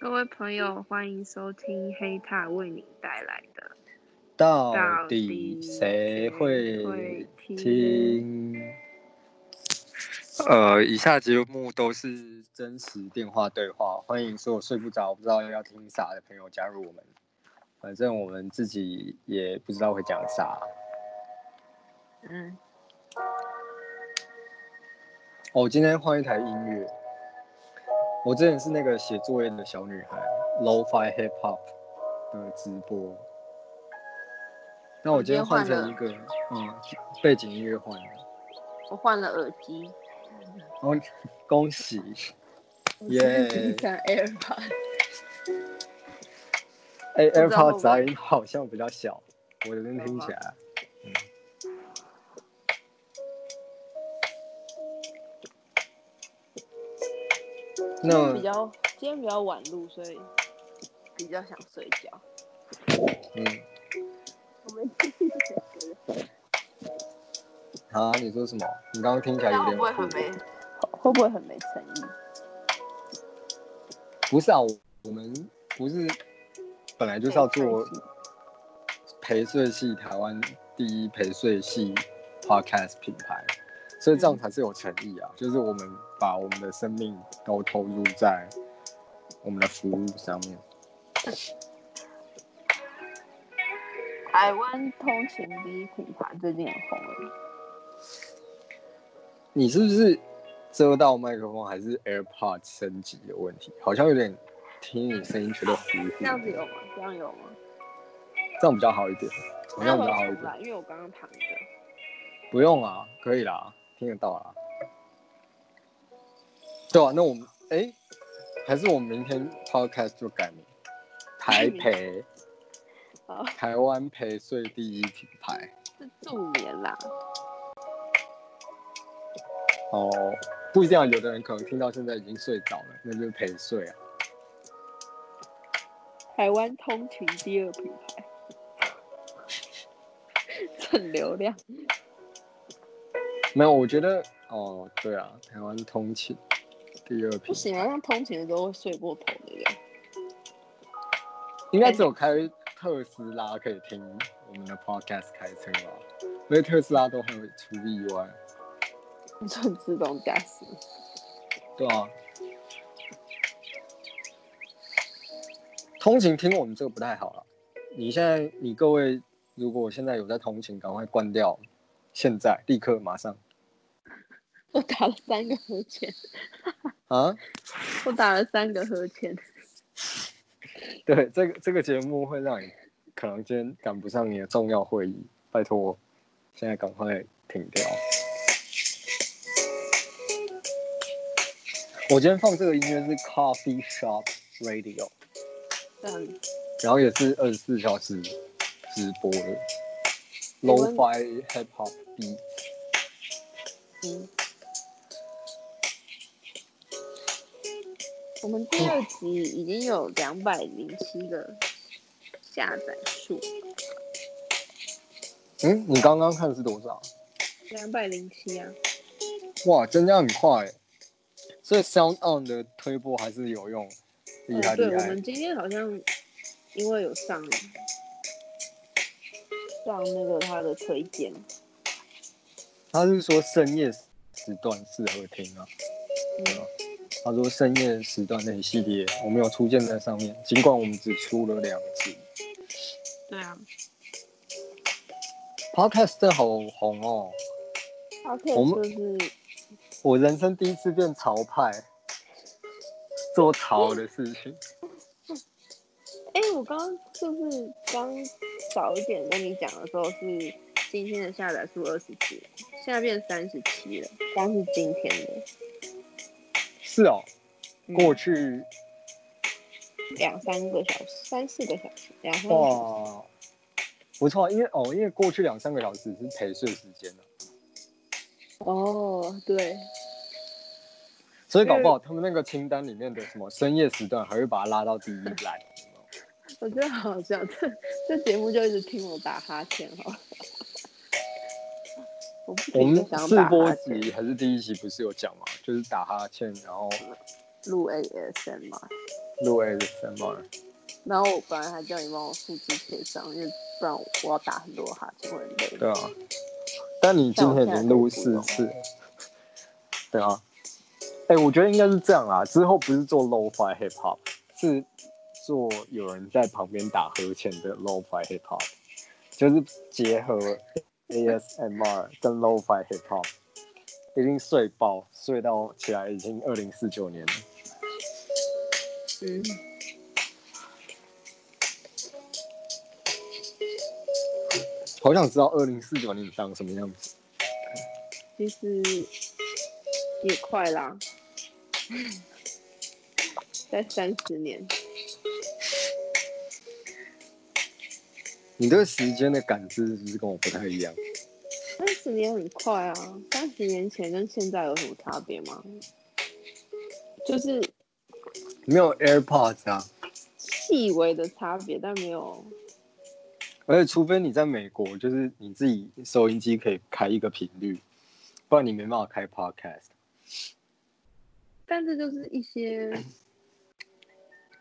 各位朋友，歡迎收聽黑獺為你帶來的。到底誰會聽？ 呃，以下節目都是真實電話對話，歡迎所有睡不着不知道要聽啥的朋友加入我們。反正我們自己也不知道會講啥。嗯。我、哦、今天換一台音樂。我之前是那個寫作業的小女孩，Lo-fi Hip Hop 的直播，那我今天換成一個了，嗯，背景音樂換了，我換了耳機，恭、oh, 恭喜，耶，AirPods，哎、yeah 欸、AirPods 雜音好像比較小，我這邊聽起來。比較那今天比較晚錄，所以比較想睡覺。嗯，我們繼續啊，你說什麼？你剛剛聽起來有點……會不會很沒？會不會很沒誠意？不是啊，我我們不是本來就是要做陪睡系，台灣第一陪睡系 podcast，嗯、睡系品牌。所以這樣才是有誠意啊！就是我們把我們的生命都投入在我們的服務上面。嗯，台灣通勤第一品牌最近很紅了。你是不是遮到麥克風，還是 AirPods 升級的問題？好像有點聽你聲音覺得糊。這樣子有嗎？這樣有嗎？這樣比較好一點。那我怎麼辦？因為我剛剛躺着。不用啊，可以啦。聽得到啊，對啊，那我們哎、欸，還是我們明天 podcast 就改名，台陪、哦，台灣陪睡第一品牌，是助眠啦。哦，不一定要，有的人可能聽到現在已經睡着了，那就是陪睡啊。台灣通勤第二品牌，蹭 流量。沒有，我覺得哦，對啊，台灣通勤第二不行啊，像通勤的時候會睡過頭的耶。應該只有開特斯拉可以聽我們的 podcast 開車吧，因為特斯拉都很出意外。就、嗯、自動駕駛。對啊。通勤聽我們這個不太好了。你現在，你各位，如果現在有在通勤，趕快關掉。現在立刻馬上！我打了三個哈欠啊！我打了三個哈欠。 對，這個這個節目會讓你可能今天趕不上你的重要會議，拜託，現在趕快停掉、嗯。我今天放這個音樂是 Coffee Shop Radio，、嗯、然後也是二十四小時直播的。Lo-fi hip-hop B。嗯。我們第二集已經有兩百零七個下載數。嗯，你剛剛看是多少？兩百零七啊。哇，增加很快、欸。所以 Sound On 的推播還是有用。厲害，厲害、嗯。對，我們今天好像因為有上。放那個他的推薦，他是說深夜時段適合聽啊、嗯對。他說深夜時段那一系列我沒有出現在上面，儘管我們只出了兩集。對啊，Podcast 真的好紅哦。Podcast，我們、就是、我人生第一次變潮派，做潮的事情。哎，我剛剛就是剛早一點跟你講的時候是今天的下載數二十七，現在變三十七了，但是今天的。是哦，過去、嗯、兩三個小時，三四個小時，兩三個小時。哇、哦，不錯，因為哦，因為過去兩三個小時是陪睡時間哦，對。所以搞不好他們那個清單裡面的什麼深夜時段還會把它拉到第一來。 我覺得好好笑，這這節目就一直聽我打哈欠哈。我們四波集還是第一集不是有講嗎？就是打哈欠，然後錄 ASMR，錄 ASMR、嗯。然後我本來還叫你幫我複製貼上，因為不然我要打很多哈欠會很累。對啊，但你今天已經錄四次，對啊。哎、欸，我覺得應該是這樣啊，之後不是做 lo-fi hip hop 是。做有人在旁邊打和弦的 lofi hip hop，就是結合 ASMR 跟 lofi hip hop，已經睡飽，睡到起來已經二零四九年了。嗯， 好想知道二零四九年長什麼樣子。其實也快啦，再三十年。你對時間的感知是不是跟我不太一樣？三十年很快啊！三十年前跟現在有什麼差別嗎？就是沒有 AirPods 啊。細微的差別，但沒有。而且，除非你在美國，就是你自己收音機可以開一個頻率，不然你沒辦法開 Podcast。但是，就是一些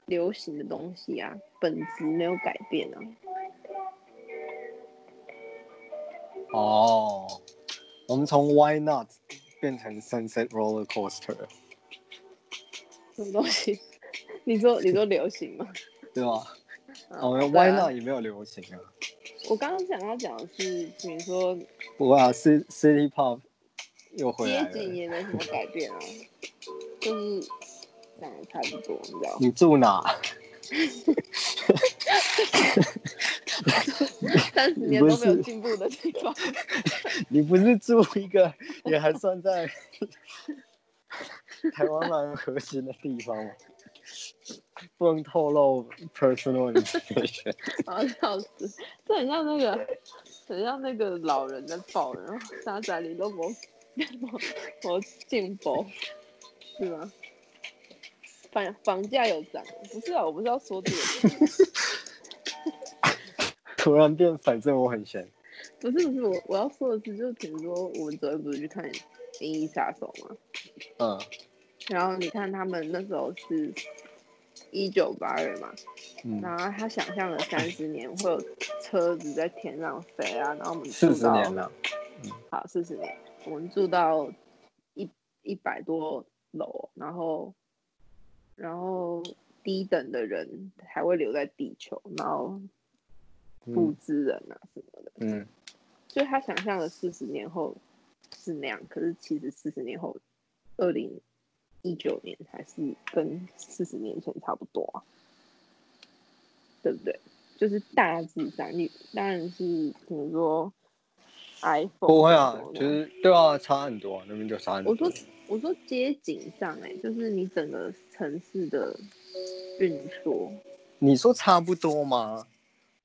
流行的東西啊， 本質沒有改變啊。哦、oh，我們從 Why Not 變成 Sunset Roller Coaster，什麼東西？你說你說流行嗎？ 對吧？我、oh, Why Not 也沒有流行啊。我剛剛想要講的是，你說我啊，City City Pop 又回來了，接近也沒什麼改變啊，就是長得差不多，你知道嗎？你住哪？ 三 十年都沒有進步的地方你。 你不是住一個也還算在 台灣蠻核心的地方嗎？ 不能透露 personal information。好笑， 這很像那個，很像那個老人在抱怨，三宅理都沒沒進步，是吧？房房價有漲，不是啊，我不是要說這個。突然變，反正我很閒。不是不是，我我要說的是，就比如說我們昨天不是去看《銀翼殺手》嗎？嗯。然後你看他們那時候是，一九八二嘛。嗯。然後他想象了三十年會有車子在天上飛啊， 然後我們住到。四十年了。嗯、好，四十年，我們住到一一百多樓，然後，然後低等的人還會留在地球，然後。不知人啊什麼的，嗯，所以他想象的四十年後是那樣，可是其實四十年後，二零一九年還是跟四十年前差不多啊，對不對？就是大致上，你當然是比如說 iPhone 不會啊，其實對啊，差很多啊，那邊就差很多。我說我說街景上哎、欸，就是你整個城市的運作，你說差不多嗎？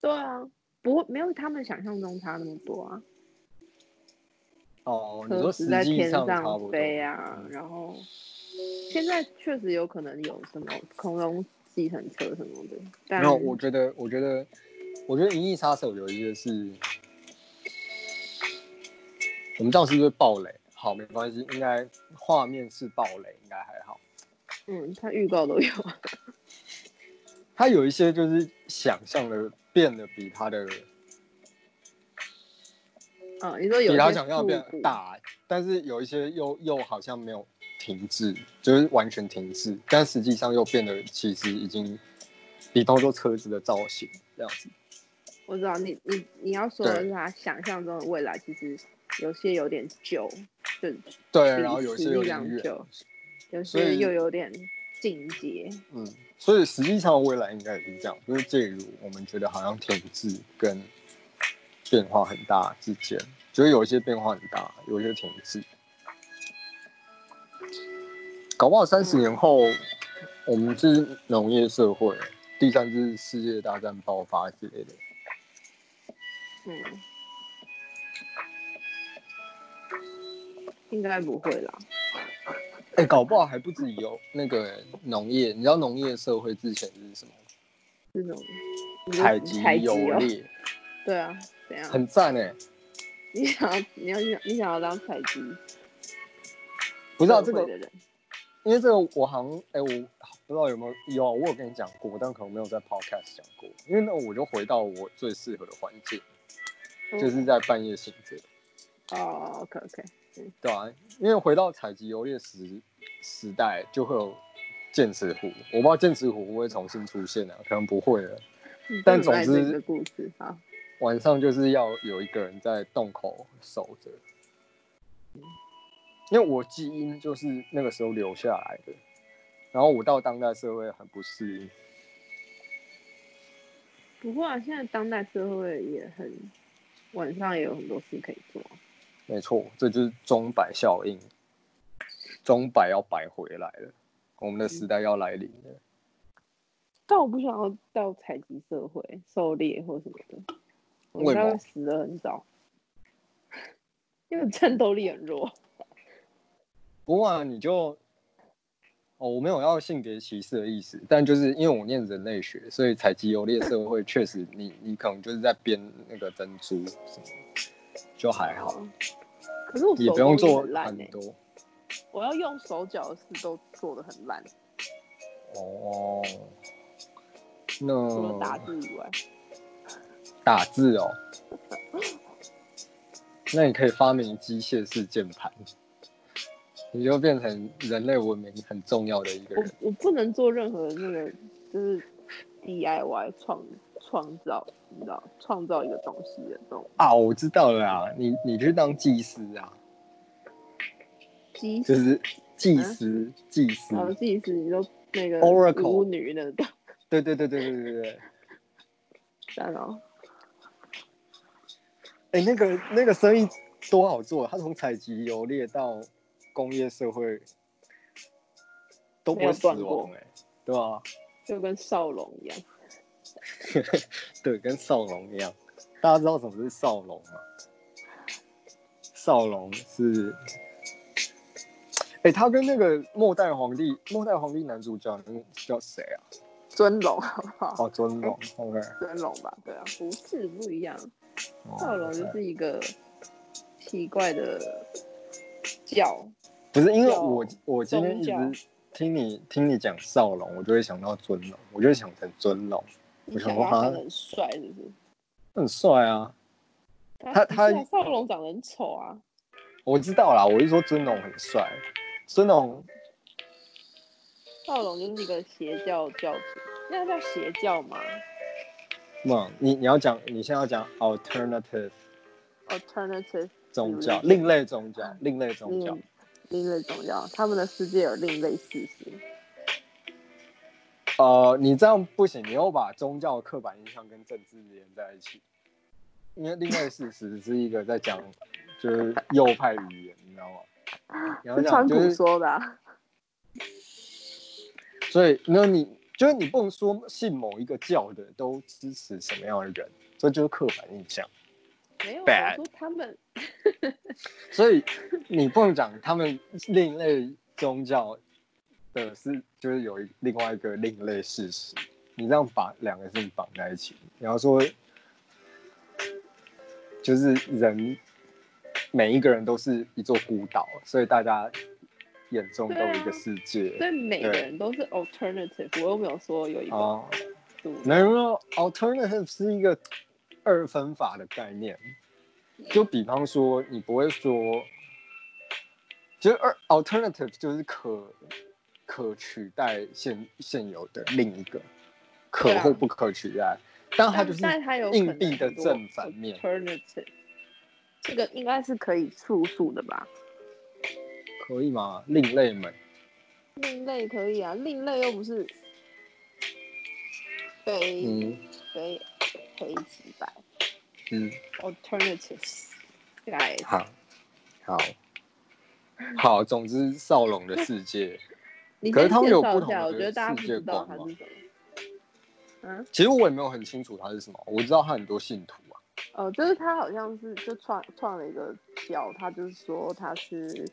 對啊，不會沒有他們想象中差那麼多啊。哦，你說實際上車在天上飛啊、嗯，然後現在確實有可能有什麼空中計程車什麼的。沒有，然後我覺得，我覺得，我覺得《銀翼殺手》有一些是，我們當時是不暴雷？好，沒關係，應該畫面是暴雷，應該還好。嗯，他預告都有。 他有一些就是想象的。變得比他的，嗯，你說有比他想要變大，欸，但是有一些又又好像沒有停滯，就是完全停滯，但實際上又變得其實已經，比當初車子的造型這樣子。我知道，你你你要說的是他想象中的未來，其實有些有點舊，對對，然後有些有點舊，有些又有點進階，嗯。所以實際上未來應該也是這樣，因為這一路我們覺得好像停滯跟變化很大之間，就會有一些變化很大，有一些停滯。搞不好三十年後，嗯、我們是農業社會，第三次世界大戰爆發之類的。嗯，應該不會啦。哎、 欸，搞不好還不止有、哦、那個農、欸、業，你知道農業社會之前是什麼？那種採集遊獵。對啊，怎樣？很讚呢、欸。你想要，你要想，你想要當採集？不知道、啊、這個，因為這個我好像哎、欸，我不知道有沒有有、啊，我有跟你講過，但可能沒有在 podcast 講過，因為那我就回到我最適合的環境、嗯，就是在半夜醒着哦、oh，OK OK。對，對啊，因為回到採集遊獵時時代，就會有劍齒虎。我不知道劍齒虎會不會重新出現啊？可能不會了。但總之，嗯、故事好。晚上就是要有一個人在洞口守着。因為我基因就是那個時候留下來的，然後我到當代社會很不適應。不過、啊、現在當代社會也很晚上也有很多事可以做。沒錯，這就是鐘擺效應。鐘擺要擺回來了，我們的時代要來臨了、嗯。但我不想要到採集社會、狩獵或什麼的，我應該會死得很早，因為戰鬥力很弱。不過、啊、你就哦，我沒有要性別歧視的意思，但就是因為我念人類學，所以採集、游獵社會確實你，你 你可能就是在編那個珍珠是都還好，可是我、欸、也不用做很多。欸、我要用手腳的事都做得很爛。哦，那除了打字以外，打字哦？ 那你可以發明機械式鍵盤，你就變成人類文明很重要的一個人。我，我不能做任何那個，就是 DIY 創意。創造，你知道，創造一個東西的東啊，我知道了啊，你你去當祭司啊，就是祭司，祭司。啊，祭司，哦、祭司你都那個 oracle 對對對對對對對，算了，哎、欸，那個那個生意多好做，他從採集游獵到工業社會都不會斷、欸、過，哎，對吧、啊？就跟少龍一樣。 對，跟少龍一樣。大家知道什麼是少龍嗎？少龍是……哎、欸，他跟那個末代皇帝，末代皇帝男主角叫誰啊？尊龍。哦，尊龍。OK。 尊龍吧，對啊，不是不一樣。少龍就是一個奇怪的叫，不是因為我我今天一直聽你聽你講少龍，我就會想到尊龍，我就會想成尊龍。我想說想他很帥，是不是？很帥啊！他他少龍長得很醜啊！我知道啦，我就說尊龍很帥。尊龍，少龍就是一個邪教教主，那個叫邪教嗎？什、嗯、麼？你你要講，你現在要講 alternative alternative 宗教，另類宗教，另類宗教，嗯，另類宗教嗯、另類宗教，他們的世界有另類事實。呃，你這樣不行，你又把宗教的刻板印象跟政治連在一起。因為另外事實是一個在講，就是右派語言， 你知道嗎？是川普說的、啊就是。所以，那你就是你不能說信某一個教的都支持什麼樣的人，這就是刻板印象。沒 有 Bad，我說他們。所以你不能講他們另類宗教。的是，就是有另外一個另類事實。你這樣把兩個事情綁在一起，你要說，就是人每一個人都是一座孤島，所以大家眼中都有一個世界。但、啊、每個人都是 alternative，我又沒有說有一個。那如果 alternative 是一個二分法的概念。就比方說，你不會說，其實二 alternative 就是可。可取代現現有的另一個，可或不可取代，啊、但,但它就是硬幣的正反面。alternative 這個應該是可以數數的吧？可以嗎？另類們，另類可以啊，另類又不是非非非黑即白。嗯，alternatives，來，嗯 alternative. right. 好，好，好， 總之少龍的世界。 可是他們有不同的，我覺得大家不知道他是什麼。嗯，其實我也沒有很清楚他是什麼。我知道他很多信徒啊、嗯。哦，就是他好像是就創創了一個教，他就是說他是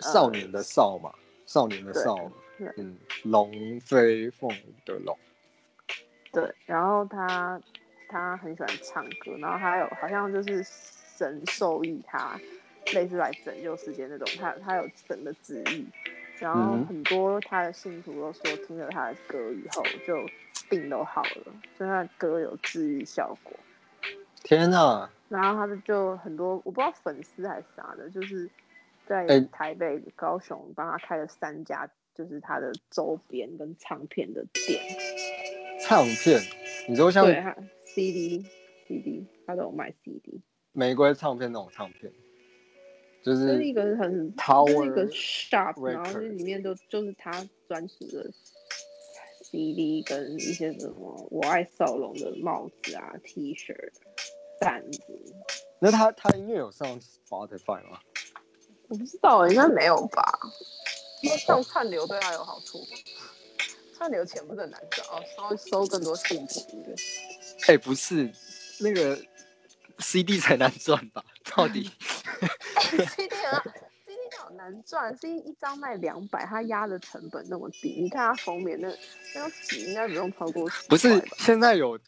少年的少嘛，呃、少年的少。嗯，龍飛鳳舞的龍。對，然後他他很喜歡唱歌，然後他還有好像就是神授意他，類似來拯救世界那種，他他有神的旨意。然後很多他的信徒都說，聽了他的歌以後就病都好了，就他的歌有治癒效果。天啊，然後他就很多，我不知道粉絲還是啥的，就是在台北、高雄幫他開了三家，就是他的周邊跟唱片的店。唱片？你就像對他 CD、CD，他都有賣 CD，玫瑰唱片那種唱片。就是一個很,、就是一個很 Tower、就是一個 shop，Raker, 然後這裡面都就是他專屬的 CD 跟一些什麼我愛少龍的帽子啊 T 恤、扇子。那他他音樂有上 Spotify 嗎？我不知道、欸，應該沒有吧？ 因為上串流對他有好處。串流錢不是很難賺哦，稍微收更多信息。哎、欸，不是，那個 CD 才難賺吧？到底？ CD 啊，CD 好難賺，難是因為一張賣兩百，他壓的成本那麼低，你看他封面那那張、個、紙應該不用超過十不是，現在有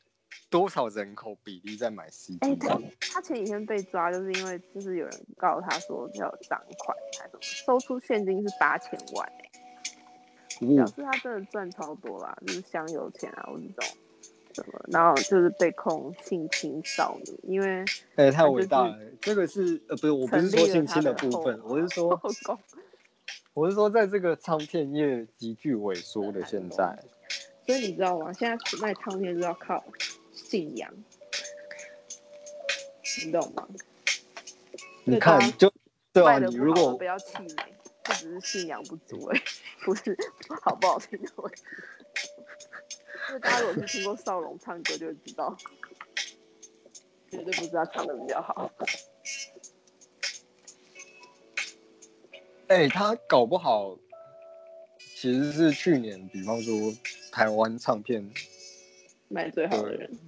多少人口比例在買 CD？哎、欸，他前幾天被抓，就是因為就是有人告他說要贓款還什麼，收出現金是八千萬，表示他真的賺超多啦、嗯，就是香油錢啊，我就知道麼然後就是被控性侵少女，因為哎太偉大了、欸欸，這個是呃不是我不是說性侵的部分，啊、我是說我是說在這個唱片業急劇萎縮的現在，所以你知道嗎？現在賣唱片是要靠信仰，你懂嗎？你看就對啊，你如果不要氣餒，這只是信仰不足哎、欸，不是 好不好聽的問題。因為大家如果去聽過少龍唱歌，就會知道，絕 對不是他唱的比較好，欸。哎，他搞不好其實是去年，比方說台灣唱片賣最好的人，呃、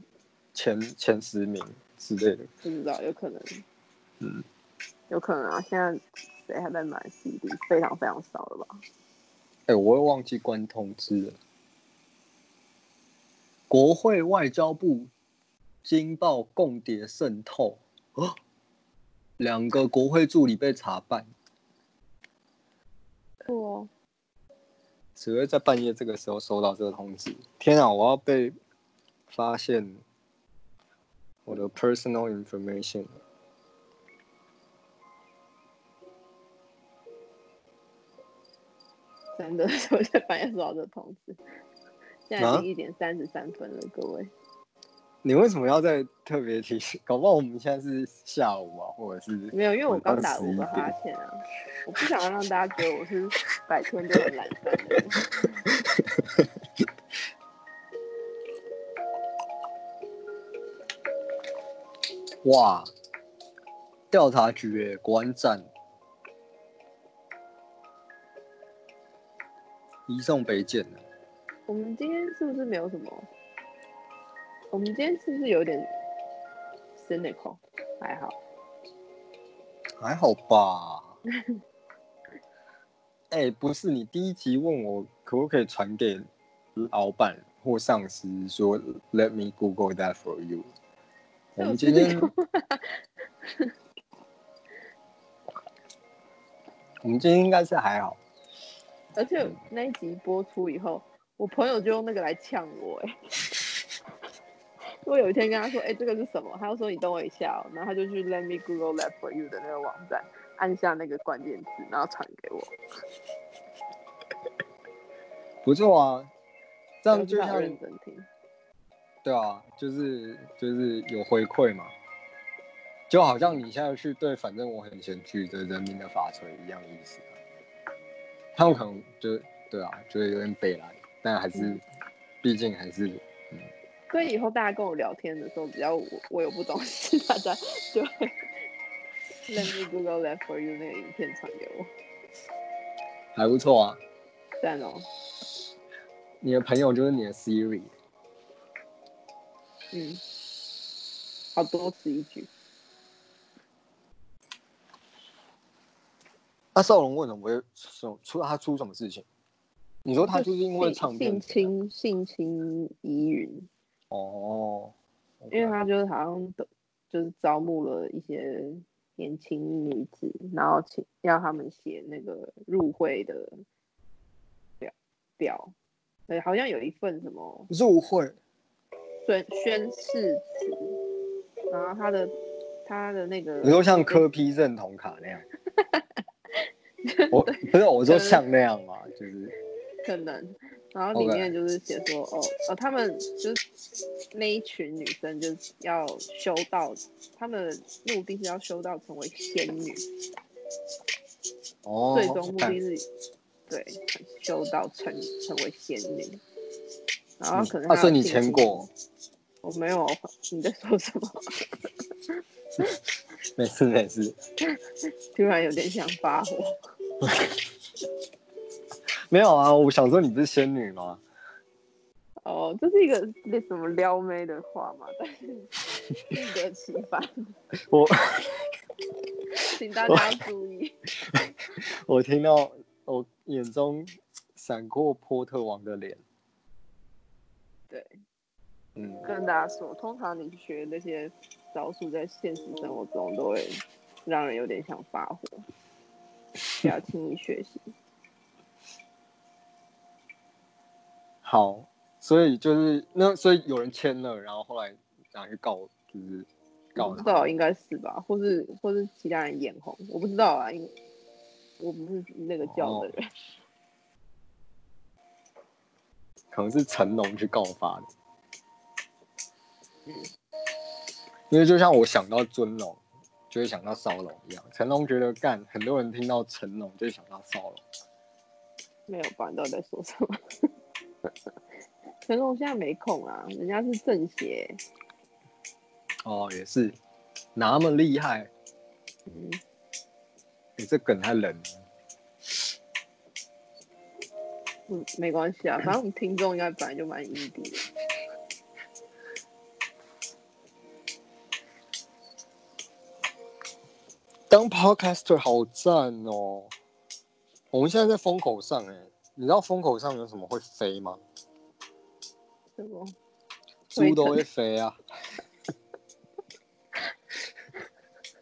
前前十名之類的，不知道，有可能，嗯，有可能啊。現在誰還在買 CD？非常非常少了吧？哎、欸，我也忘記關通知了。國會、外交部、驚爆共諜滲透，兩個國會助理被查辦。酷哦！只會在半夜這個時候收到這個通知。天啊，我要被發現我的 personal information！真的，我在半夜收到這個通知。現在一點三十三分了，啊，各位。你為什麼要再特別提醒？搞不好我們現在是下午啊，或者是……沒有，因為我剛打五個哈欠啊我，我不想要讓大家覺得我是白天就很懶散。 哇！調查局、欸，關站，移送北檢我們今天是不是沒有什麼？我們今天是不是有點 cynical？還好，還好吧。哎 欸，不是，你第一集問我可不可以傳給老板或上司說 “Let me Google that for you”。我們今天， 我們今天應該是還好。而且我那一集播出以後。我朋友就用那個來嗆我哎、欸，我 有一天跟他說：“哎、欸，這個是什麼？”他就說：“你等我一下、喔。”然後他就去 “Let me Google that for you” 的那個網站，按下那個關鍵字，然後傳給我。不錯啊，這樣就像……很認真聽。對啊，就是就是有回饋嘛，就好像你現在去對，反正我很想去的人民的法槌一樣的意思。他們可能就對啊，就是有點北爛。但還是，畢竟還是、嗯。所以以後大家跟我聊天的時候，只要我，我有不懂事，大家就會 “Let me Google that for you” 那個影片傳給我。還不錯啊。贊哦、喔。你的朋友就是你的 Siri。嗯。好多此一舉。那、啊、少龍為什麼會出出他出什麼事情？你說他就是因為性性侵性侵疑雲哦，oh, okay. 因為他就是好像就是招募了一些年輕女子，然後請要他們寫那個入會的表表，對，好像有一份什麼入會宣宣誓詞，然後他的他的那個，你說像柯 P 認同卡那樣， 我不是我說像那樣嘛，就是。可能，然後裡面就是寫說，okay. 哦，哦，他們就是那一群女生，就是要修道，他們目的是要修道成為仙女，哦、oh，最終目的是，okay. 對修道成成為仙女，嗯，然後可能他說、啊、你簽過，我沒有，你在說什麼？沒 事 沒事，沒事 突然有點想發火。 沒有啊，我想說你不是仙女嗎？哦，這是一個那什麼撩妹的話嘛？但是適得 其反。我，請大家注意。我， 我聽到我眼中閃過波特王的臉。對，嗯，跟大家說，通常你學的那些招數，在現實生活中都會讓人有點想發火，不要輕易學習。 好，所以就是那，所以有人簽了，然後後來想去告，就是告，我不知道應該是吧，或是或是其他人眼紅，我不知道啊，因為我不是那個叫的人，哦、可能是成龍去告發的，嗯，因為就像我想到尊龍，就會想到騷龍一樣，成龍覺得幹，很多人聽到成龍就會想到騷龍，沒有知道在說什麼。 成 龍現在沒空啊，人家是政協、欸。哦，也是，哪那麼厲害。嗯，你、欸、這梗太冷、啊。嗯，沒關係啊，反正我們聽眾應該本來就蠻異地的。 當 Podcaster 好讚哦，我們現在在風口上哎、欸。你知道風口上有什麼會飛嗎？嗎豬都會飛啊！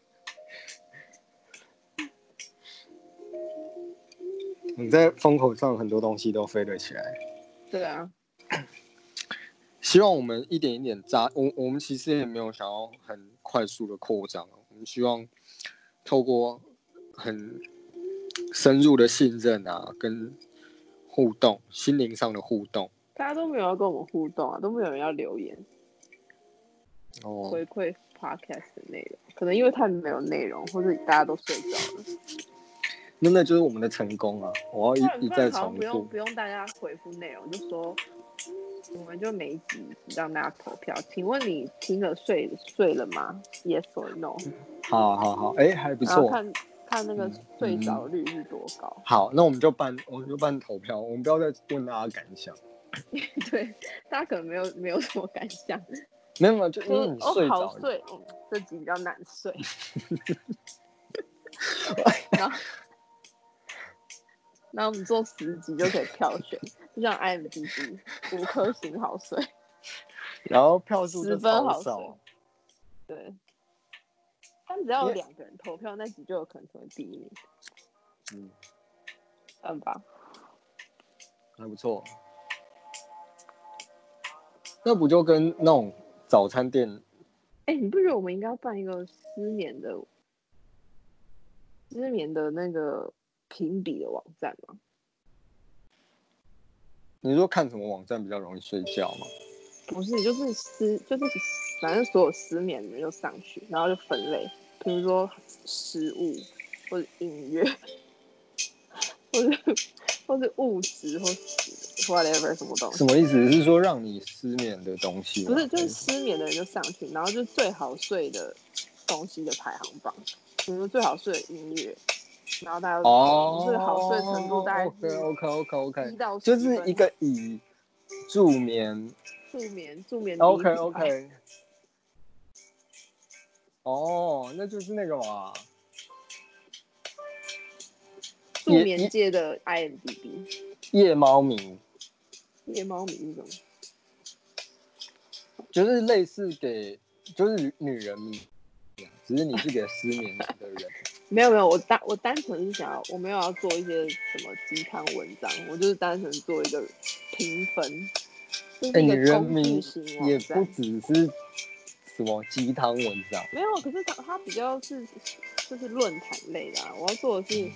你在風口上，很多東西都飛了起來。對啊。希望我們一點一點紮。我我們其實也沒有想要很快速的擴張。我們希望透過很深入的信任啊，跟。互動，心靈上的互動。大家都沒有要跟我們互動啊，都沒有人要留言。哦、oh.，回饋 podcast 的內容，可能因為太沒有內容，或是大家都睡着了。那那就是我們的成功啊！我要一,的一再重複，不用大家回覆內容，就說我們就每集，讓大家投票。請問你聽着睡睡了嗎？Yes or no？好好好，哎，還不錯。他那個睡着率是多高，嗯嗯？好，那我們就辦，我們就辦投票，我們不要再問大家感想。 對，大家可能沒有沒有什麼感想。沒有沒就是。為、嗯哦、好睡、嗯、這集比較難睡。那 我們做十集就可以票選， 就像 IMDB 五顆星好睡。然後票數十分好少。對。但只要有兩個人投票，那你就有可能成為第一名。嗯，很、嗯、棒，還不錯。那不就跟那種早餐店，欸？哎，你不覺得我們應該要辦一個失眠的失眠的那個評比的網站嗎？你說看什麼網站比較容易睡覺嗎？不是，就是失，就是反正所有失眠的就上去，然後就分類。比如說食物，或者音樂，或者或者物質，或者什麼 whatever 什麼東西。什麼意思？是說讓你失眠的東西？不是，就是失眠的人就上去，然後就最好睡的東西的排行榜，比如說最好睡的音樂，然後大家哦，最好睡的程度大概、oh, OK OK OK OK，一就是一個以助眠助眠助眠 OK OK。哦，那就是那個嘛，睡眠界的 IMDB，夜貓迷，夜貓迷什麼。就是類似給，就是女人名，只是你是給失眠的人。 沒有沒有，我單我單純是想要，我沒有要做一些什麼雞湯文章，我就是單純做一個評分，欸就是、一個中立也不只是。什麼雞湯文章？沒有，可是他他比較是就是論壇類的、啊。我要做的是、嗯、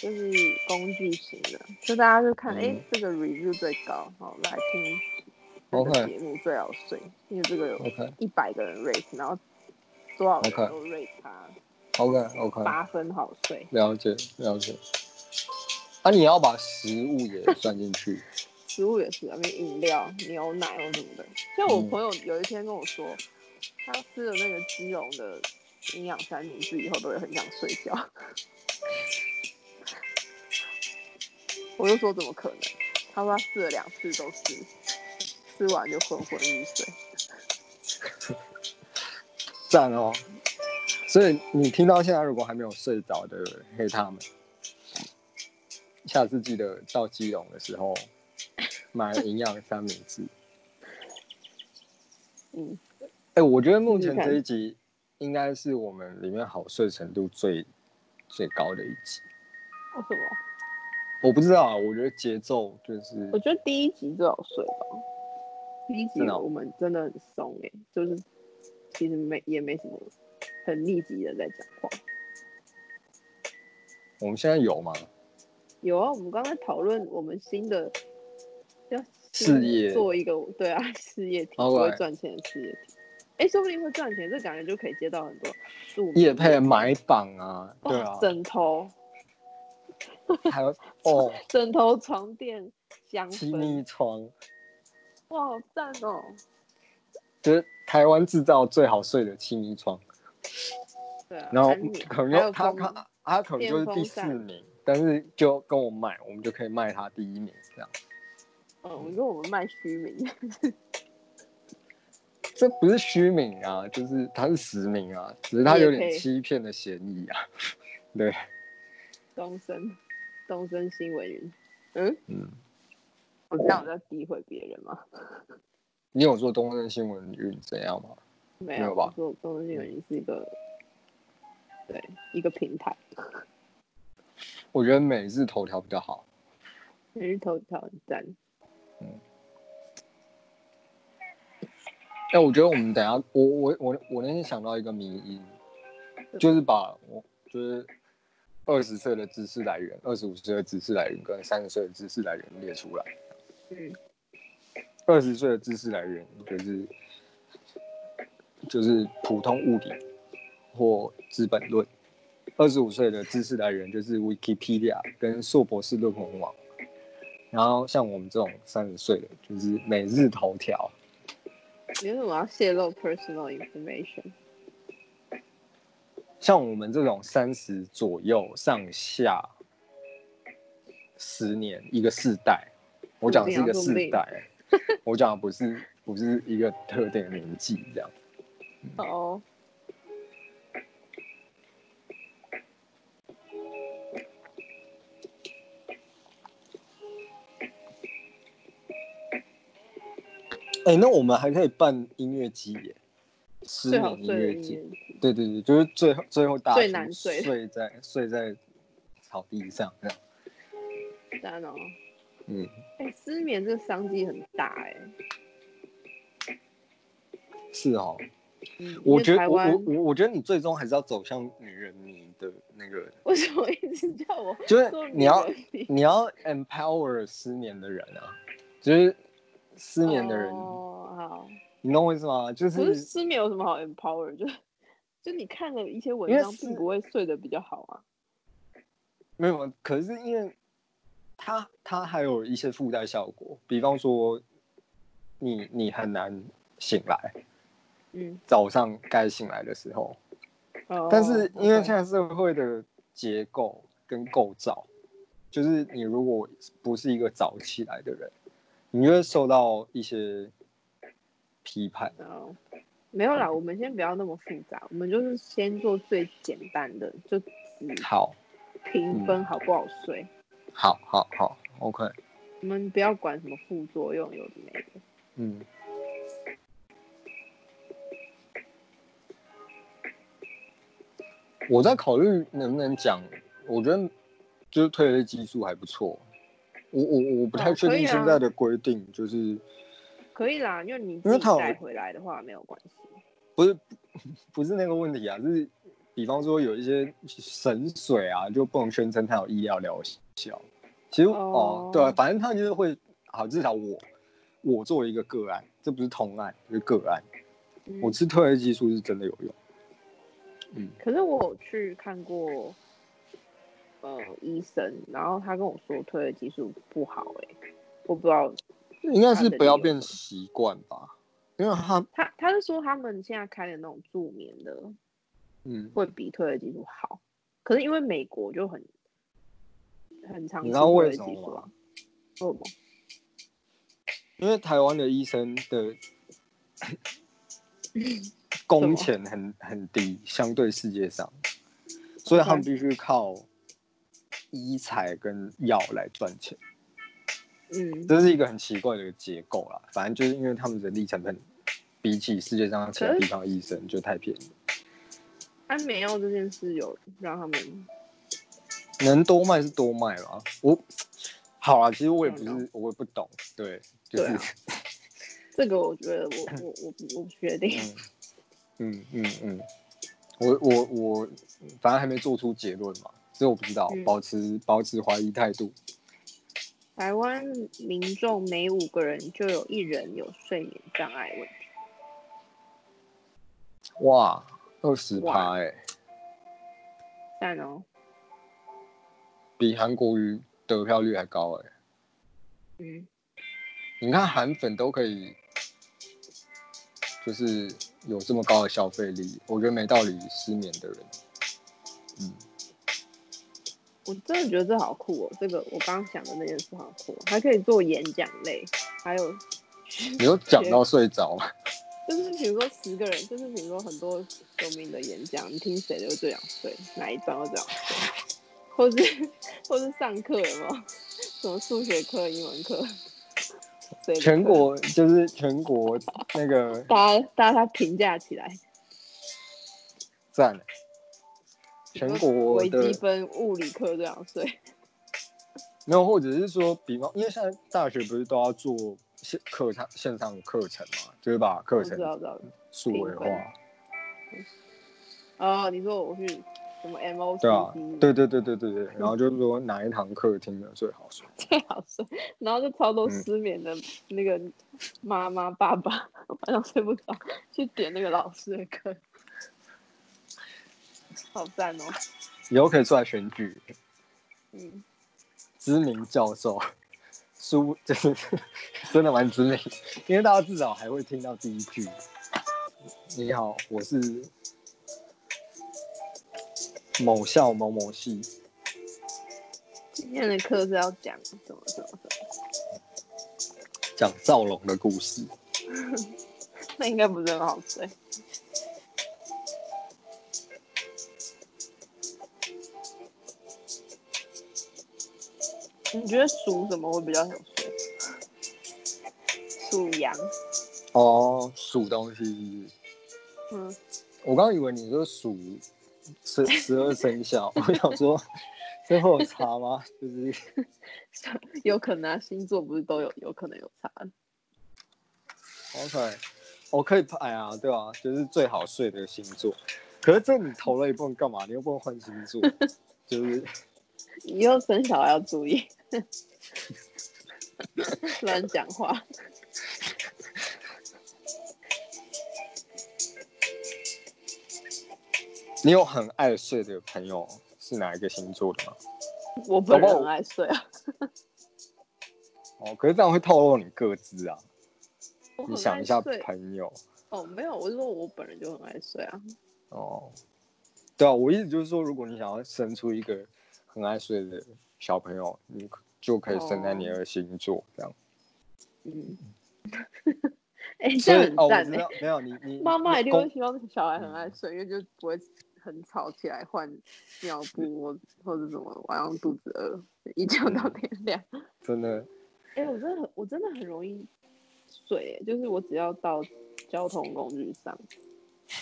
就是工具型的，就大家就看哎、嗯欸、這個 review 最高，好，來聽 OK，節目最好睡，okay. 因為這個有一百個人 rate，okay. 然後多少個都 rate 它。OK OK。八分好睡。了解了解。那、啊、你要把食物也算進去？ 食物也是，因為飲料、牛奶哦什麼的。像我朋友有一天跟我說。嗯他吃了那個基隆的營養三明治以後，都會很想睡覺。我就說怎麼可能？他說他吃了兩次都是吃,吃完就昏昏欲睡 讚哦！所以你聽到現在如果還沒有睡着的黑獺們，下次記得到基隆的時候買營養三明治。 嗯。哎、欸，我覺得目前這一集應該是我們裡面好睡程度最最高的一集。為、哦、什麼？我不知道啊。我覺得節奏就是……我覺得第一集最好睡吧。第一集我們真的很鬆哎、欸、哦，就是其實沒也沒什麼很密集的在講話。我們現在有嗎？有啊，我們剛才討論我們新的要事業，做一個，對啊，事業體，okay. 會賺錢的事業體。哎、欸，說不定會賺錢，這感覺就可以接到很多業務，配買榜啊、哦，對啊，枕頭， 還有哦，枕頭床墊香。氣密床，哇，好讚哦！就是台灣製造最好睡的氣密床。對啊。然後可能他他他可能就是第四名，但是就跟我賣，我們就可以賣他第一名這樣。我你說我們賣虛名。 這不是虛名啊，就是他是實名啊，只是他有點欺騙的嫌疑啊。 對，東森，東森新聞雲，嗯嗯，我知道我在詆毀別人嗎？你有做東森新聞雲怎樣嗎？沒有、啊、沒有吧？做東森新聞雲是一個、嗯，對，一個平台。 我覺得每日頭條比較好。每日頭條很讚。嗯。但、欸、我覺得我們等下，我我我我能想到一個迷因，就是把我就是二十歲的知識來源、二十五歲的知識來源跟三十歲的知識來源列出來。嗯，二十歲的知識來源就是就是普通物理或資本論，二十五歲的知識來源就是 Wikipedia 跟碩博士論文網，然後像我們這種三十歲的就是每日頭條。你為什麼要泄露 personal information？像我們這種三十左右上下，十年一個世代，我講的是一個世代， 我講的不是不是一個特定的年紀這樣。哦、嗯。Oh. 哎、欸，那我們還可以辦音樂節，失眠音樂節。對對對，就是最後最後大家睡睡在，睡，睡，在睡在草地上這樣，當然哦，嗯，哎、欸，失眠這個商機很大哎，是哦、嗯，我覺得我我我覺得你最終還是要走向女人迷的那個，為什麼一直叫我？就是你，你要你要 empower 失眠的人啊，就是。失眠的人，哦，好，你懂我意思嗎？就是不是失眠有什麼好 empower？就就你看的一些文章，並不會睡得比較好啊。沒有，可是因為他他還有一些附帶效果，比方說你你很難醒來，嗯，早上該醒來的時候，oh, oh, oh, oh. 但是因為現在社會的結構跟構造，就是你如果不是一個早起來的人。你會受到一些批判？哦，沒有啦、嗯，我們先不要那麼複雜，我們就是先做最簡單的，就嗯，好，評分好不好睡？嗯、好，好，好，OK。我們不要管什麼副作用有沒的。嗯，我在考慮能不能講，我覺得就是褪黑激素還不錯。我我我不太確定現在的規定、啊啊、就是，可以啦，因為你自己帶回來的話沒有關係，不是不是那個問題啊,就是比方說有一些神水啊,就不能宣稱它有醫療療效。其實哦，哦，對、啊，反正它就是會好，至少我我作為一個個案，這不是同案，就是個案，嗯、我吃褪黑激素是真的有用的。嗯，可是我有去看過。呃、哦，醫生，然後他跟我說褪黑激素不好，欸，哎，我不知道，應該是不要變習慣吧，因為他他他是說他們現在開的那種助眠的，嗯，會比褪黑激素好，可是因為美國就很很常、啊，你知道為什麼嗎？為什麼？因為台灣的醫生的工錢很很低，相對世界上，所以他們必須靠。醫材跟藥來賺錢，嗯，這是一個很奇怪的結構啦。反正就是因為他們人力成本，比起世界上其他地方，醫生就太便宜了。安眠藥這件事有讓他們能多賣是多賣了。我好啦，其實我也不是不知道，我也不懂，對，就是對、啊、這個，我覺得我 我我我不確定。嗯嗯嗯，嗯，我我我反正還沒做出結論嘛。這我不知道，嗯、保持保持懷疑態度。台灣民眾每五個人就有一人有睡眠障礙問題。哇，二十趴哎！贊、欸、哦！比韓國瑜得票率還高哎、欸。嗯，你看韓粉都可以，就是有這麼高的消費力，我覺得沒道理失眠的人。嗯。我真的覺得這好酷哦、喔！這個我剛剛想的那件事好酷、喔，還可以做演講類，還有你有講到睡着嗎？就是比如說十個人，就是比如說很多有名的演講，你聽誰的就這樣睡，哪一張都這樣睡，或是或是上課嗎？什麼數學課、英文課，課全國就是全國那個 大家大家他評價起來，讚。全國的微積分物理課這樣睡，沒有，或者是說，比方，因為現在大學不是都要做線課上，線上課程嘛，就是把課程數位化。啊、哦，你說我是什麼 MOOC 對對、啊、對對對對對。然後就是說哪一堂課聽得最好睡？最好睡，然後就超多失眠的那個媽媽、嗯、爸爸，晚上睡不着，去點那個老師的課。好讚哦！以後可以出來選舉。嗯，知名教授，書就是真的蠻知名，因為大家至少還會聽到第一句：“你好，我是某校某某系。”今天的課是要講什麼什麼什麼？講趙龍的故事。 那應該不是很好睡。你覺得屬什麼？我比較想睡屬羊。哦，屬東西是不是。嗯，我剛剛以為你說屬十十二生肖。 我想說最後 有差嗎？就是有可能啊，星座不是都有有可能有差。OK，我、oh, 可以排啊，對啊，就是最好睡的星座。可是這你投了一部分幹嘛？你又不能換星座，就是 以後生小孩要注意。亂 講話。你有很愛睡的朋友是哪一個星座的嗎？我本人很愛睡啊。哦，可是這樣會透露你個資啊。你想一下朋友。哦，沒有，我是說我本人就很愛睡啊。哦，對啊，我意思就是說，如果你想要生出一個很愛睡的小朋友，你。就可以生在你的星座這樣。嗯，哎、 欸，這樣很贊哎、欸、哦、欸。沒有，你你媽媽一定會希望小孩很愛睡，嗯，因為就不會很吵起來換尿布或者怎麼晚上肚子餓、嗯、一覺到天亮。真的。哎、欸，我真的很，我真的很容易睡，欸，就是我只要到交通工具上，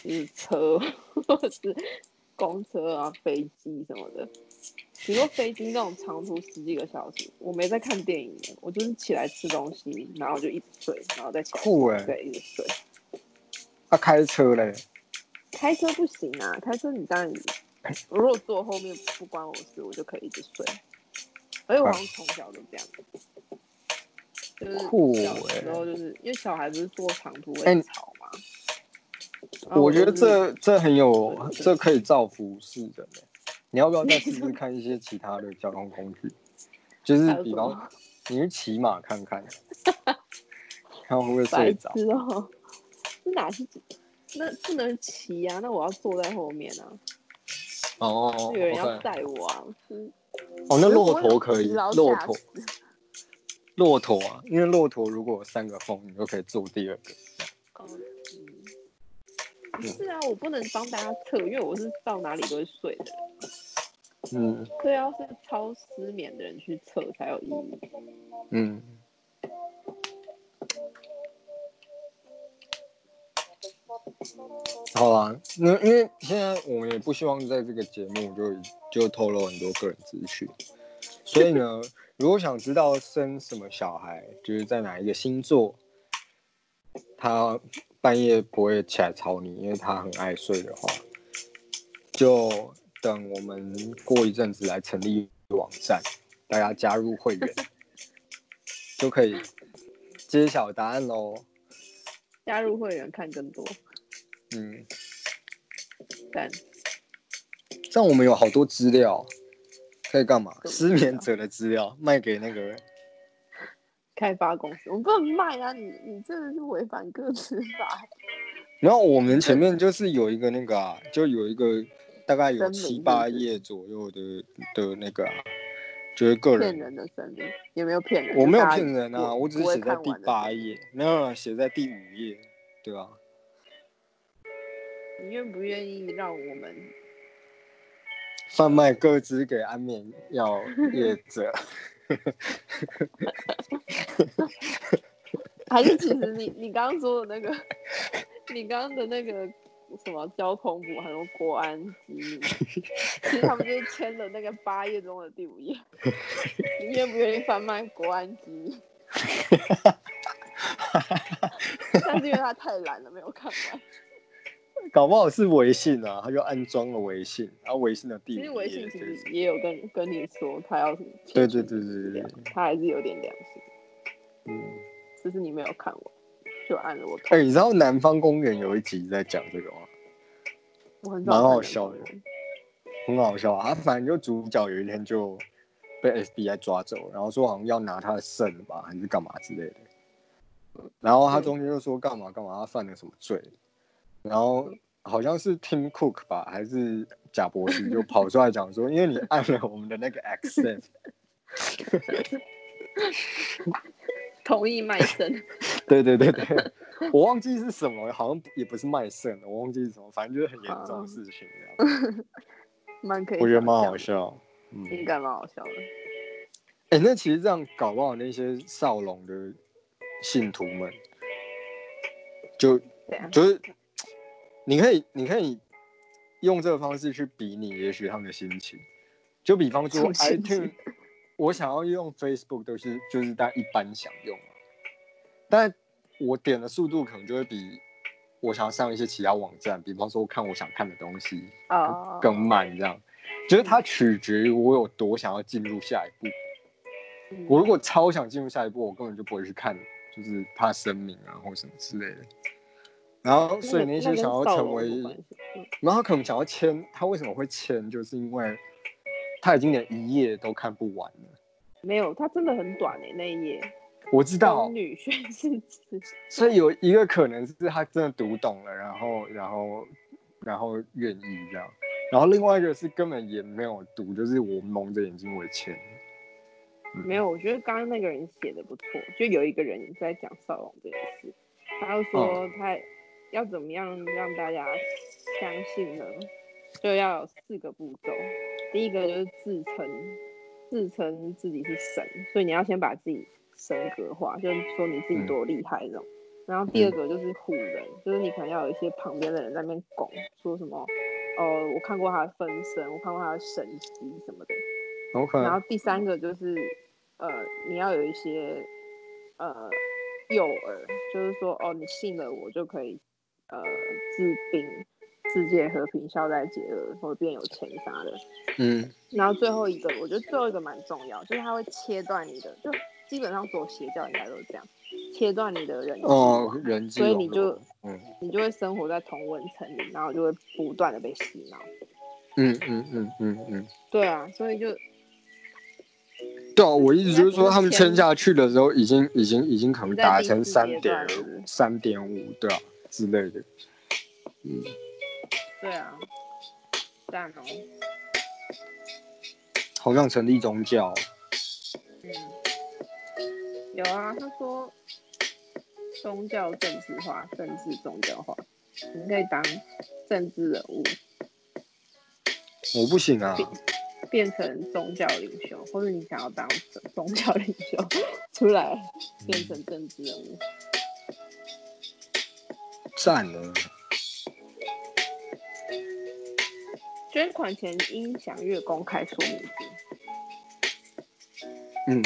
就是車或者是公車啊飛機什麼的。比如說飛機那種長途十幾個小時，我沒在看電影，我就是起來吃東西，然後就一直睡，然後再起來，欸、對，一直睡。那、啊、開車嘞？開車不行啊，開車你當然，我如果坐後面不關我事，我就可以一直睡。所以我好像從小就這樣，啊、就是小時、欸、就是因為小孩子是坐長途會吵嘛、欸就是。我覺得這這很有，這可以造福世人、欸。你要不要再試試看一些其他的交通工具？ 就是比方，你去騎馬看看， 看會不會睡著知道。這、哦、哪是？那不能騎啊！那我要坐在後面啊。哦。有人要載我啊、okay！哦，那駱駝可以，駱駝。駱駝，駱駝啊、嗯，因為駱駝如果有三個峰，你就可以坐第二個。是啊，我不能幫大家測，因為我是到哪裡都會睡的。嗯，嗯，對啊，是超失眠的人去測才有意義。嗯。好啊，那、嗯、因為現在我們也不希望在這個節目就就透露很多個人資訊，所以呢，如果想知道生什麼小孩，就是在哪一個星座，他。半夜不會起來吵你，因為他很愛睡的話，就等我們過一陣子來成立一個網站，大家加入會員 就可以揭曉答案嘍。加入會員看更多。嗯，但像我們有好多資料可以幹嘛？失眠者的資料賣給那個人。開發公司，我們不能賣啊！你你這個是違反個資法。然後我們前面就是有一個那個啊， 就有一個大概有七八頁左右的的那個、啊，就是個人。騙人的聲明有沒有騙人。我沒有騙人啊，我，我只是寫在第八頁，沒有寫在第五頁，對吧，啊？你願不願意讓我們販賣個資給安眠藥業者？ 還是其實你你剛剛說的那個，你剛剛的那個什麼交通部還有國安機，其實他們就是簽的那個八頁中的第五頁，你願不願意販賣國安機？ 但是因為他太懶了，沒有看完。搞不好是微信啊，他就安裝了微信，然、啊、後微信的地，其實微信其實也有跟跟你說他要什麼。對，對對對對對他還是有點良心。嗯，只是你沒有看我，就按了我。看。哎，你知道《南方公園》有一集在講這個嗎？我很蠻好笑的很。很好笑啊！他反正就主角有一天就被 FBI 抓走，然後說好像要拿他的腎吧，還是幹嘛之類的。然後他中間又說干嘛、嗯、幹嘛，他犯了什麼罪？然後好像是 Tim Cook 吧，還是賈博士就跑出來講說， 因為你按了我們的那個 accent， 同意賣麥腎。 對對對對，我忘記是什麼，好像也不是賣腎，我忘記是什麼，反正就是很嚴重的事情。蠻、啊、可我覺得蠻好笑，應該蠻好笑的。哎、嗯欸，那其實這樣搞不好那些少龍的信徒們，就就是。你可以，你可以用這個方式去比擬，也許他們的心情。就比方說，I 應，iTunes，我想要用 Facebook，都是就是大家一般想用，但我點的速度可能就會比我想要上一些其他網站，比方說看我想看的東西啊更慢。這樣，就是它取決於我有多想要進入下一步。嗯。我如果超想進入下一步，我根本就不會去看，就是怕的聲明啊或什麼之類的。然後，所以那些想要成為，然後他可能想要簽，他為什麼會簽？就是因為他已經連一頁都看不完了。沒有，他真的很短的那一頁。我知道。女所以有一個可能是他真的讀懂了，然後，然後，然後願意這樣。然後另外一個是根本也沒有讀，就是我蒙着眼睛我簽。沒有，我覺得剛剛那個人寫的不錯，就有一個人在講少網這件事，他說他。要怎麼樣讓大家相信呢？就要有四個步驟。第一個就是自稱，自稱自己是神，所以你要先把自己神格化，就是說你自己多厲害那種，嗯。然後第二個就是唬人，嗯，就是你可能要有一些旁邊的人在那邊拱，說什麼，哦、呃，我看過他的分身，我看過他的神蹟什麼的。Okay. 然後第三個就是，呃，你要有一些呃誘餌，就是說，哦、呃，你信了我就可以。呃，治病、世界和平、消災解厄，或者變有錢啥的，嗯。然後最後一個，我覺得最後一個蠻重要，就是它會切斷你的，就基本上所有邪教應該都這樣，切斷你的人哦，人所以你就嗯，你就會生活在同溫層裡，然後就會不斷的被洗腦。嗯嗯嗯嗯嗯。對啊，所以就對啊就，我一直就是說他們簽下去的時候已，已經已經已經可能達成三點三點五、嗯、對啊。之類的，嗯，對啊，但同、喔。好像成立宗教，嗯，有啊。他說，宗教政治化，政治宗教化，你可以當政治人物。我不行啊，變,變成宗教領袖，或者你想要當宗教領袖， 出來變成政治人物。嗯讚了！捐款前應詳閱公開說明書。嗯。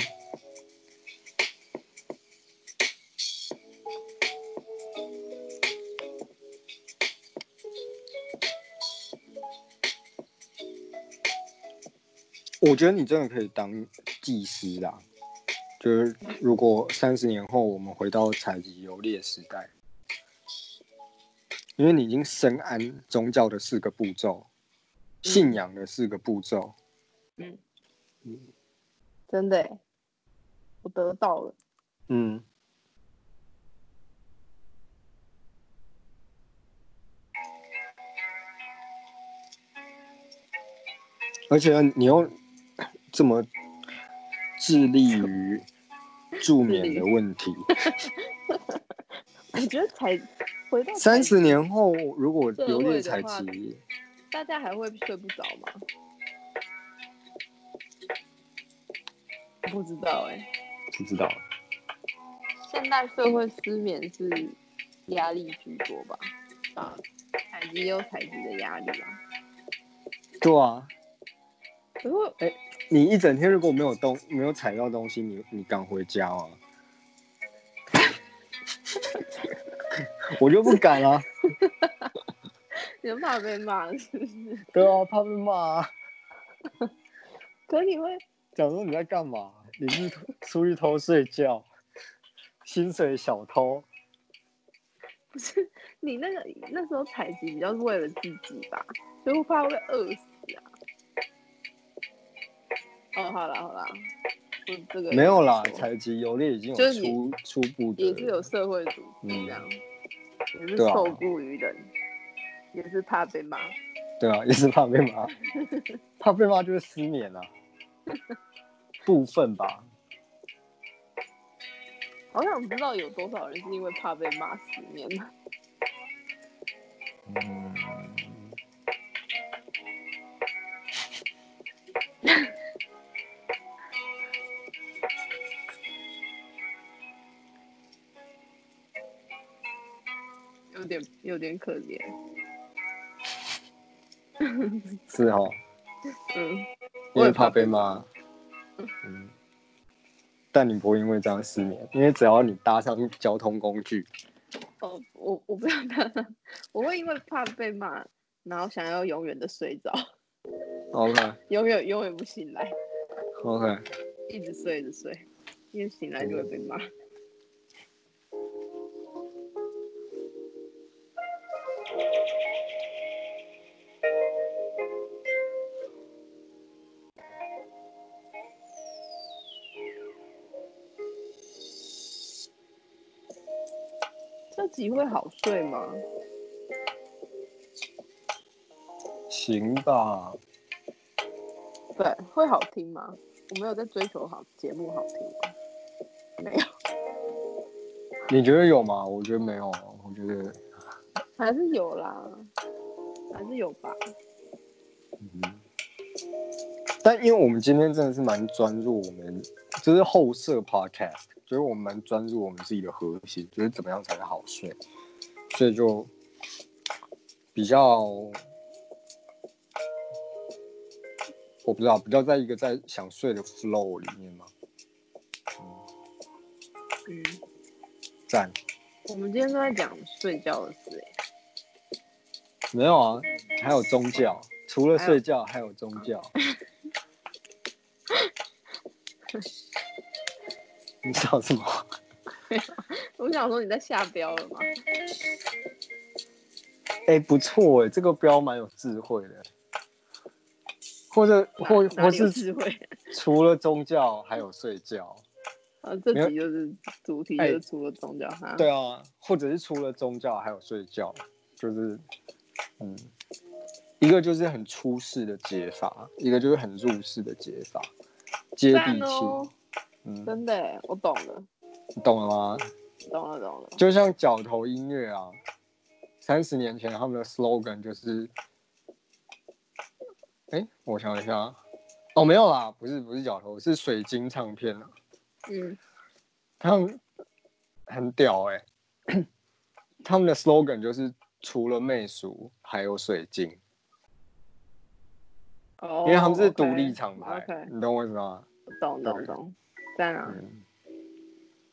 我覺得你真的可以當祭司啦，就是如果三十年後我們回到採集遊獵的時代。因為你已經深諳宗教的四個步驟、嗯，信仰的四個步驟，嗯嗯，真的，我得到了，嗯，而且你要這麼致力於助眠的問題， 我覺得才。 三十年後，如果農業採集，大家還會睡不着嗎？不知道哎、欸，不知道。現代社會失眠是壓力居多吧？啊，採集也有採集的壓力嗎？對啊。可、嗯、是，哎、欸，你一整天如果沒有動，沒有踩到東西，你你敢回家啊？我就不敢了，啊，你 怕被罵是不是？對啊，怕被罵啊。 可你會，假如你在幹嘛？你是出去偷睡覺，薪水小偷？不是，你那個那時候採集比較是為了自己吧，所以我怕會餓死啊。哦，好了好了，沒有啦，採集游獵已經有初，就是，初步，也是有社會組織這樣。嗯也是受僱於人，也是怕被罵。對啊，也是怕被罵。啊、怕被罵 就是失眠了、啊， 部分吧。好想知道有多少人是因為怕被罵失眠的、啊。嗯有點，有點可憐， 是哦，嗯，我也怕被罵、嗯嗯，但你不會因為這樣失眠、嗯，因為只要你搭上交通工具，哦、我我不想搭，我會因為怕被罵，然後想要永遠的睡着，OK，永遠永遠不醒來，OK，一直睡，一直睡，一醒來就會被罵。嗯自己會好睡嗎？行吧。對，會好聽嗎？我沒有在追求好節目好聽，沒有。你覺得有嗎？我覺得沒有。我覺得還是有啦，還是有吧。嗯。但因為我們今天真的是蠻專注，我們就是後設 podcast。所以我們專注我們自己的和諧，覺、就、得、是、怎麼樣才能好睡，所以就比較，我不知道，不知道在一個在想睡的 flow 裡面嗎？嗯，贊、嗯。我們今天都在講睡覺的事、欸、沒有啊，還有宗教，除了睡覺還有宗教。嗯 你想什麼？ 我想說你在下標了嗎？哎、欸，不錯哎、欸，這個標蠻有智慧的、欸。或者，或智慧或是除了宗教還有睡覺。 啊，這題就是主題就是除了宗教還、欸。對啊，或者是除了宗教還有睡覺，就是嗯，一個就是很出世的解法，一個就是很入世的解法，接地氣。嗯、真的，我懂了。你懂了嗎？懂了，懂了。就像角頭音樂啊，三十年前他們的 slogan 就是，哎、欸，我想一下，哦，沒有啦，不是，不是角頭，是水晶唱片。嗯，他們很屌哎、欸， 他們的 slogan 就是除了媚俗，還有水晶。哦、oh,，因為他們是獨立廠牌，okay, okay. 你懂我意思嗎？我懂，我懂，懂。在哪、啊嗯？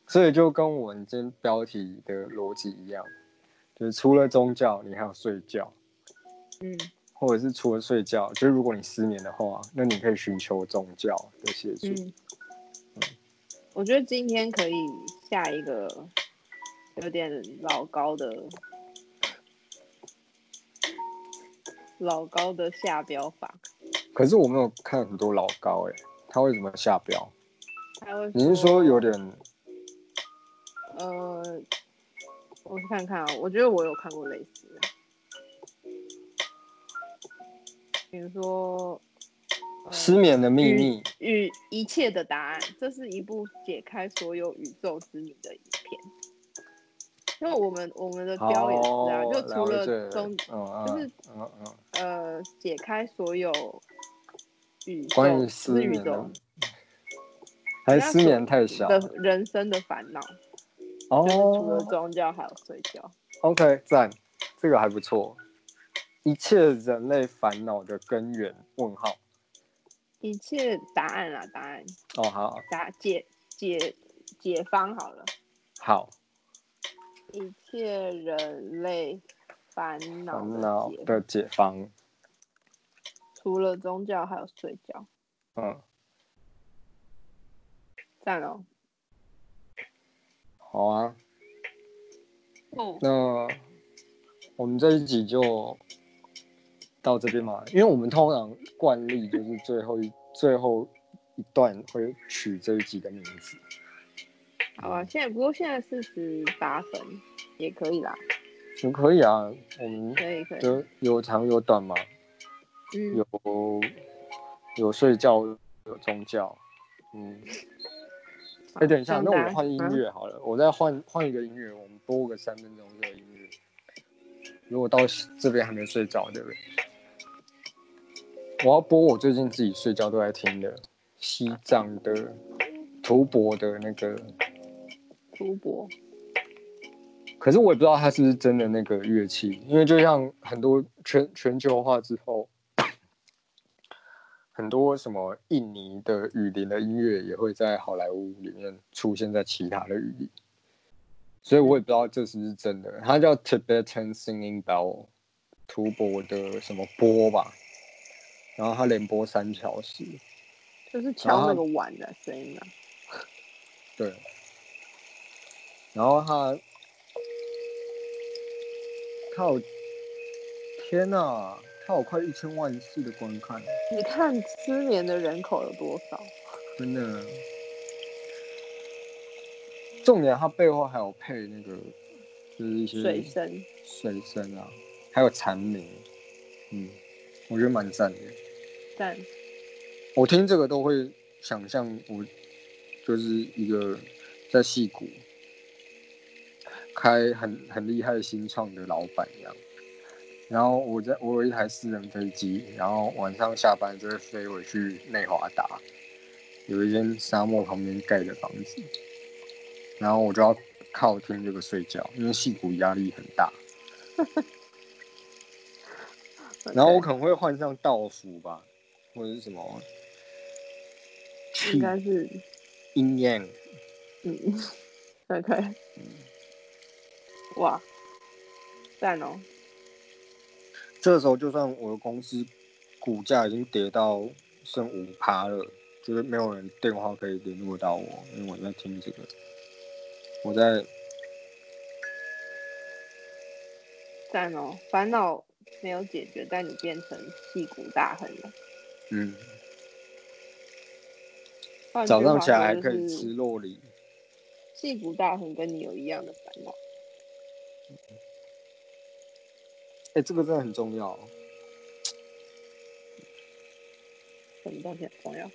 所以就跟我們今天標題的邏輯一樣，就是除了宗教，你還有睡覺，嗯，或者是除了睡覺，就是如果你失眠的話，那你可以尋求宗教的協助、嗯。嗯，我覺得今天可以下一個有點老高的老高的下標法。可是我沒有看很多老高哎、欸，他為什麼下標？說你說有點？呃，我去看看啊，我覺得我有看過類似的，比如說、呃《失眠的秘密》與一切的答案，這是一部解開所有宇宙之謎的影片。因為我們我們的標題是這樣，就除了中，了了嗯啊、就是、嗯啊、呃解開所有宇宙之宇宙。關還失眠太小的人生的煩惱哦，除了宗教還有睡覺。OK，讚，這個還不錯。一切人類煩惱的根源，問號。一切答案啊，答案。哦，好，答解解解方好了。好。一切人類煩惱的煩惱的解方，除了宗教還有睡覺。嗯。讚哦，好啊，哦、那我們這一集就到這邊嘛，因為我們通常慣例就是最後一最後一段會取這一集的名字。好啊，現在不過現在四十八分也可以啦，就可以啊，我們可以可以有長有短嘛，可以可以有有睡覺有宗教，嗯。哎，等一下，那我換音樂好了，嗯、我再換換一個音樂，我們播個三分鐘的音樂。如果到這邊還沒睡着，對不對？我要播我最近自己睡覺都在聽的西藏的，圖博的那個圖博。可是我也不知道它是不是真的那個樂器，因為就像很多全全球化之後。很多什麼印尼的雨林的音樂也會在好萊塢裡面出現在其他的雨林，所以我也不知道這是不是真的。他叫 Tibetan Singing Bowl，吐蕃的什麼缽吧，然後他連播三小時，就是敲那個碗的聲音嘛、啊。對，然後他，靠，天吶。它有快一千萬次的觀看。你看失眠的人口有多少？真的、啊。重點、啊，它背後還有配那個，就是一些水聲、啊、水聲啊，還有蟬鳴。嗯，我覺得蠻讚的。讚。我聽這個都會想象，我就是一個在矽谷開很很厲害的新創的老闆一樣。然後我在我有一台私人飛機，然後晚上下班就會飛回去內華達，有一間沙漠旁邊蓋的房子，然後我就要靠天這個睡覺，因為矽谷壓力很大。 okay. 然後我可能會換上道服吧，或者是什麼？應該是陰陽。嗯嗯 k、okay. 嗯。哇，讚哦！這時候，就算我的公司股價已經跌到剩五趴了，就是沒有人電話可以聯絡到我，因為我在聽這個。我在贊哦，煩惱沒有解決，但你變成氣骨大亨了。嗯、就是。早上起來還可以吃肉粒，氣骨大亨跟你有一樣的煩惱。哎、欸，這個真的很重要，什麼東西很重要？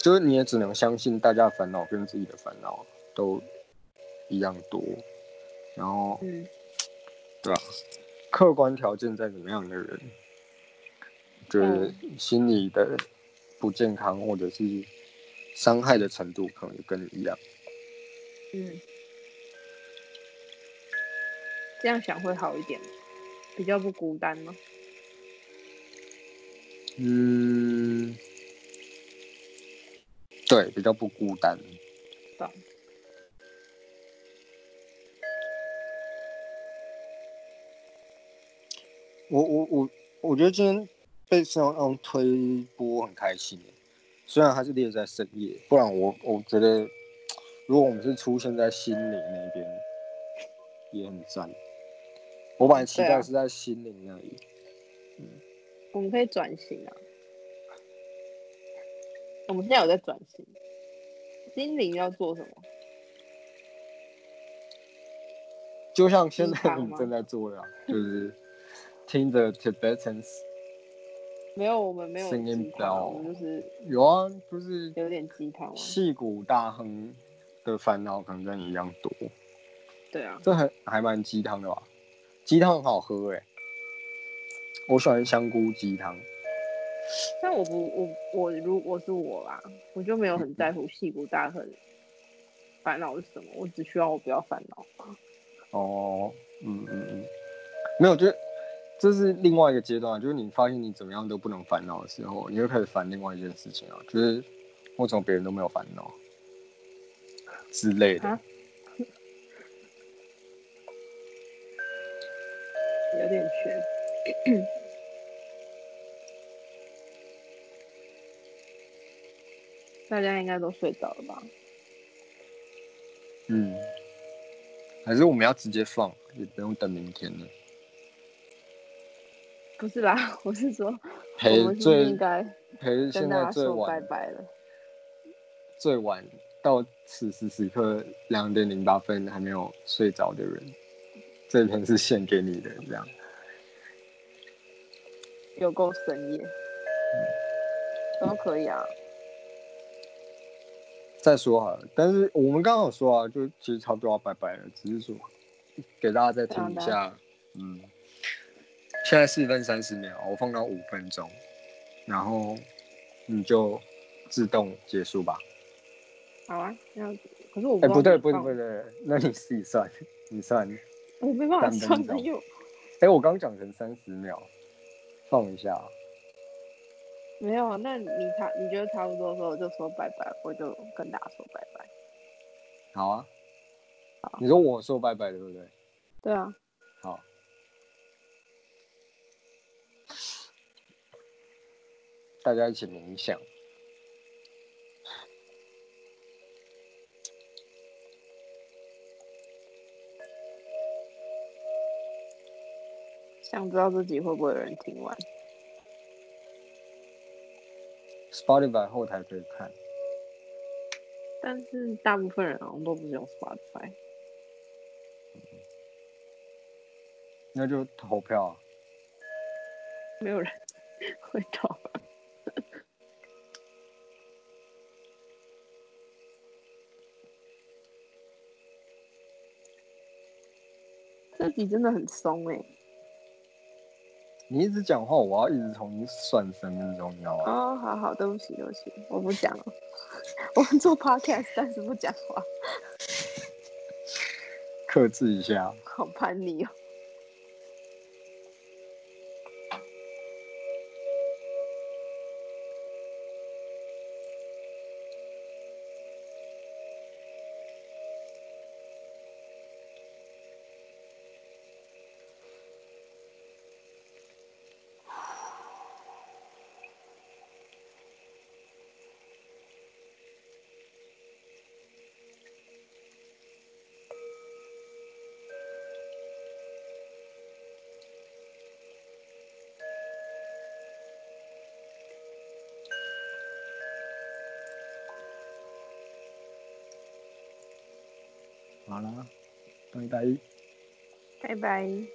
就是你也只能相信大家的煩惱跟自己的煩惱都一樣多，然後，嗯、對吧、啊？客觀條件再怎麼樣的人，嗯、就是心理的不健康或者是傷害的程度，可能也跟你一樣，嗯。這樣想會好一點，比較不孤單嗎？嗯，對，比較不孤單。懂。我我我，我覺得今天被孫楊推播很開心，雖然還是列在深夜，不然我我覺得，如果我們是出現在心裡那邊，也很贊。我本來期待是在心靈那裡、啊。嗯，我們可以轉型啊！我們現在有在轉型。心靈要做什麼？就像現在你正在做的、啊，就是聽着 Tibetans 。沒有，我們沒有雞湯。就是有啊，就是有點雞湯。戲骨大亨的煩惱可能跟你一樣多。對啊，這還還蠻雞湯的吧？雞湯很好喝哎、欸，我喜歡香菇雞湯。但我不，我我如果是我啦，我就沒有很在乎屁股大很煩惱是什麼、嗯，我只需要我不要煩惱。哦，嗯嗯嗯，沒有，就是這是另外一個階段，就是你發現你怎麼樣都不能煩惱的時候，你就開始煩另外一件事情了、啊。就是我從別人都沒有煩惱之類的。啊有點懸。 大家應該都睡着了吧？嗯，還是我們要直接放，也不用等明天了。不是啦，我是說，陪我們是不是應該陪現在最應該跟大家說拜拜了。最晚到此時此刻兩點零八分還沒有睡着的人。這一篇是獻給你的，這樣有夠深夜，都可以啊。再說好了，但是我們剛好說啊，就其實差不多要拜拜了。只是說給大家再聽一下，啊、嗯，現在四分三十秒，我放到五分鐘，然後你就自動結束吧。好啊，那可是我不……哎、欸，不對不對不對，那你自己算，你算。我沒辦法算的，哎、 欸，我剛講成三十秒，放一下，沒有，那你差，你覺得差不多的時候，我就說拜拜，我就跟大家說拜拜，好啊，好，你說我說拜拜對不對？對啊，好，大家一起冥想。想知道自己會不會有人聽完。Spotify 後臺可以看，但是大部分人好像都不使用 Spotify。那就投票啊！沒有人會投票。這集真的很鬆誒。你一直講話，我要一直重新算三分鐘，你知道嗎？哦，好好，對不起，對不起，我不講了， 我們做 podcast 但是不講話，克制一下，好叛逆哦。拜拜。